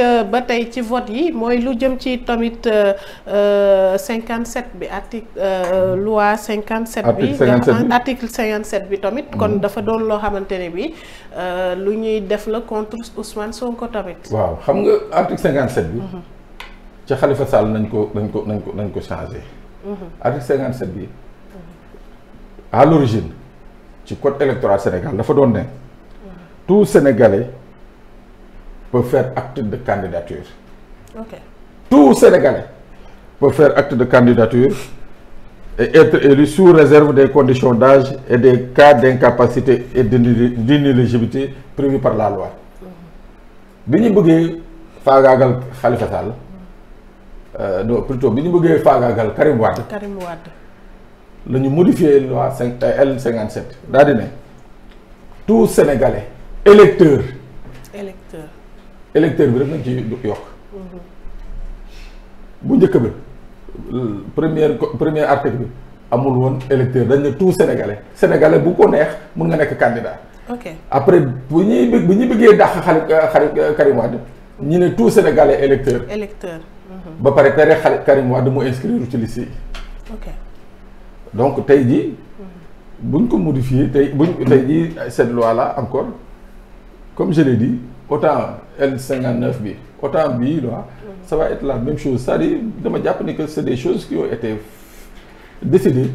Euh, ba tey ci vote yi mooy lu jëm ci euh, euh, cinquante 57 bi article loi 57 bi article 57 bi tamit mm-hmm. kon dafa doon loo xamante ne bi lu ñuy def la contre Ousmane Sonko tamit waaw xam nga article 57 bi mm-hmm. ci Khalifa nañ ko nañ ko nañ ko nañ ko changé mm-hmm. article 57 bi à l'origine ci code électoral Sénégal dafa doon ne tout Sénégalais pour faire acte de candidature. ok tout Sénégalais peut faire acte de candidature et être élu sous réserve des conditions dage et des cas d'incapacité et d'inéligibilité prévus par la loi. Mm-hmm. bi ñu bëggee faagaagal Khalifa Sall. Euh, bi ñu bëggee faagaagal Karim Wade. Karim la ñu modifier loi euh, L57 daal di ne tout Sénégalais électeur électeur bi rek nañ ci yokk bu njëkk bi première premier article bi amul woon électeur dañ ne tout sénégalais sénégalais bu ko neex mun nga nekk candidat ok après bu ñuy bëgg bu ñuy bëggee dàq xarit xarit Karim ñu ne tout sénégalais électeur électeur mhm. ba pare tere xarit Karim Wade mu inscrire ci donc tey ji mhm. buñ ko modifier tey buñ tey jii cette loi là encore comme je l'ai dit autant L59 bi autant bii là mm-hmm. ça va être la même chose cest à dama jàpp ni que c'est des choses qui ont été décidées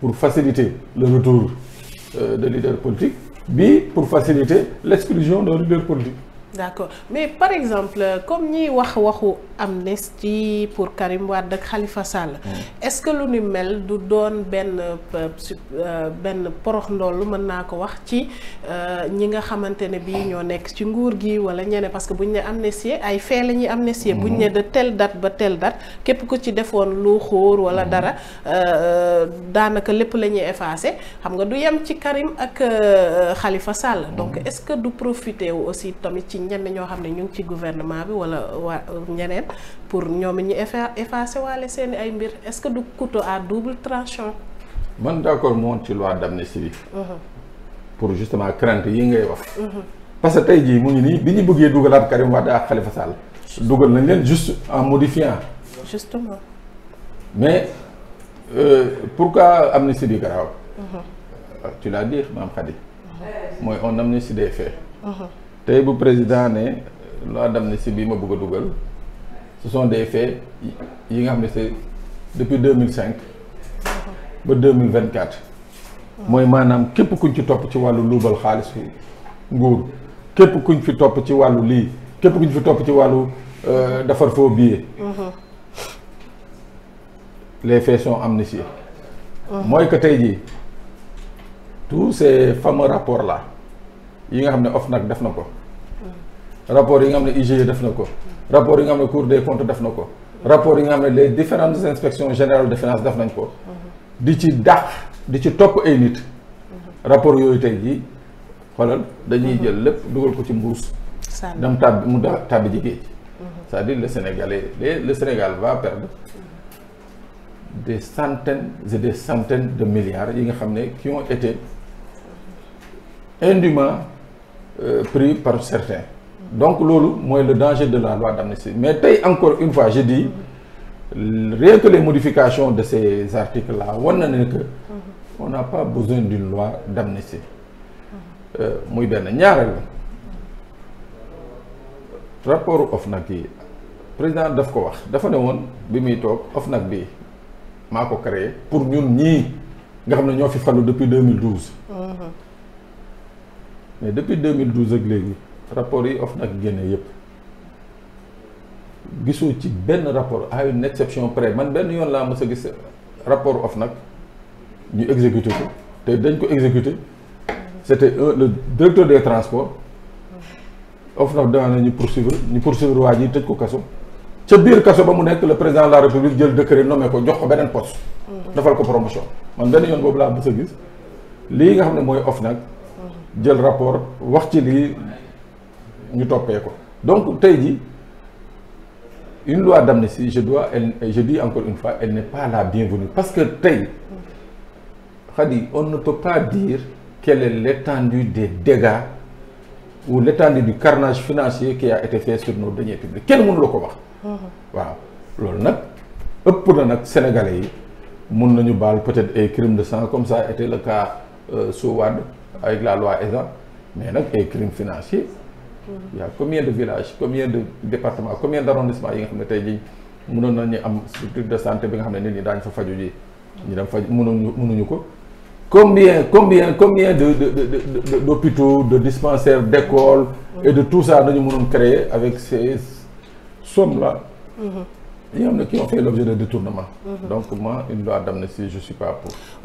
pour faciliter le retour euh, de leaders politiques bi pour faciliter l'exclusion d'un leader politique d'accord mais par exemple euh, comme ñiy wax waxu amnistie pour Karim Wade ak Khalifa Sall. Mm. est-ce que lu ni mel du doon benn euh, euh, benn porox ndoolu mën naa ko wax ci ñi nga xamante ne bii ñoo nekk ci nguur gi wala ñeneen parce que buñ ne amnistie ay fee la ñuy bu ñu ne mm. da telle dat ba telle date képp ku ci defoon lu xóor wala mm. dara daanaka lépp la ñuy effacer xam nga du yem ci Karim ak Khalifa Sall. donc est du profiter aussi tamit ci. ñenn ñoo xam ne ñu ngi ci gouvernement bi wala waa ñeneen pour ñoom it ñu effacer waale seen ay mbir est-ce que du couteau à double tranchant. man d'accord moom ci loi d'amnistie bi. Mhm. pour justement crainte yi ngay wax. Mhm. parce que tey jii mu ngi nii bi ñu bëggee dugalaat Karim Wade ak Khalifa Sall. dugal nañ leen juste en modifiant. justement. mais euh, pourquoi amnistie bi garaaw. Mhm. Euh, tu l'as dit maam Khady. mooy on amnistie des faits. tey bu président ne dem loi si bi ma bugg a dugal ce sont des faits yi nga xam ne c'est depuis deux mille cinq ba deux mille vingt quatre mooy maanaam képp kuñ ci topp ci wàllu luubal xaalis nguur képp kuñ fi topp ci wàllu lii képp kuñ fi topp ci wàllu euh, defar faux billet les faits sont amnistiés mmh. mooy que tey jii tous ces fameux rapport là yi nga xam ne OFNAC def na ko rapport yi nga xam ne IGE def na ko rapport yi nga xam ne Cour des comptes def na ko rapport yi nga xam ne les différentes inspections générales de finance def nañ ko di ci dàq di ci topp ay nit rapport yooyu tey jii xoolal dañuy jël lépp dugal ko ci mbuus dem tàbbi mu mm-hmm. tàbbi ci géej c'est-à-dire le Sénégalais le Sénégal va perdre des centaines et des centaines de milliards yi nga xam ne qui ont été indûment Euh, pris par certains donc loolu mooy le danger de la loi d'amnistie mais tey encore une fois je dis rien que les modifications de ces articles là war na ne que on n'a pas besoin d'une loi d'amnistie euh, muy benn ñaareel rapport nag yi président daf ko wax dafa ne woon bi muy toog nag bi maa ko créé pour ñun ñii nga xam ne ñoo fi falu depuis 2012. mais depuis 2012 ak léegi rapport yi nag génne yépp gisoo ci benn rapport a une exception près man benn yoon laa mës a gis rapport nag ñu exécuté ko te dañ ko exécuté c'était un le directeur des transports OFNAC daan nañu poursuivre ñu poursuivre waa ji tëj ko kaso ca biir kaso ba mu nekk le président de la république jël décret nomee ko jox ko beneen post mm. defal ko promotion man benn yoon boobu laa mës a gis lii nga xam ne mooy OFNAC jël rapport wax ci li ñu toppee ko donc tey ji une loi d'amnistie je dois elle je dis encore une fois elle n'est pas la bienvenue parce que tey Khady on ne peut pas dire quelle est l'étendue des dégâts ou l'étendue du carnage financier qui a été fait sur nos deniers publics kenn mënu ko wax mmh. waaw loolu nag ëpp na nag sénégalais yi mun nañu baal peut-être ay de sang comme ça été le cas euh, sous avec la loi ESA mais nag ay crimes financiers mm-hmm. y a combien de villages combien de département combien d' yi nga xam ne tey jii mënoon nañu am structure de santé bi nga xam ne nit ñi daañu fa faju ji ñu dem faj mënuñu mënuñu ko combien combien combien de de de d' de de de d' écoles et de tout ça nañu mënoon créer avec ces sommes là mm-hmm. yi nga xam ne qui ont fait l'objet de détournement mm-hmm. donc moi une loi d'amnistie je suis pas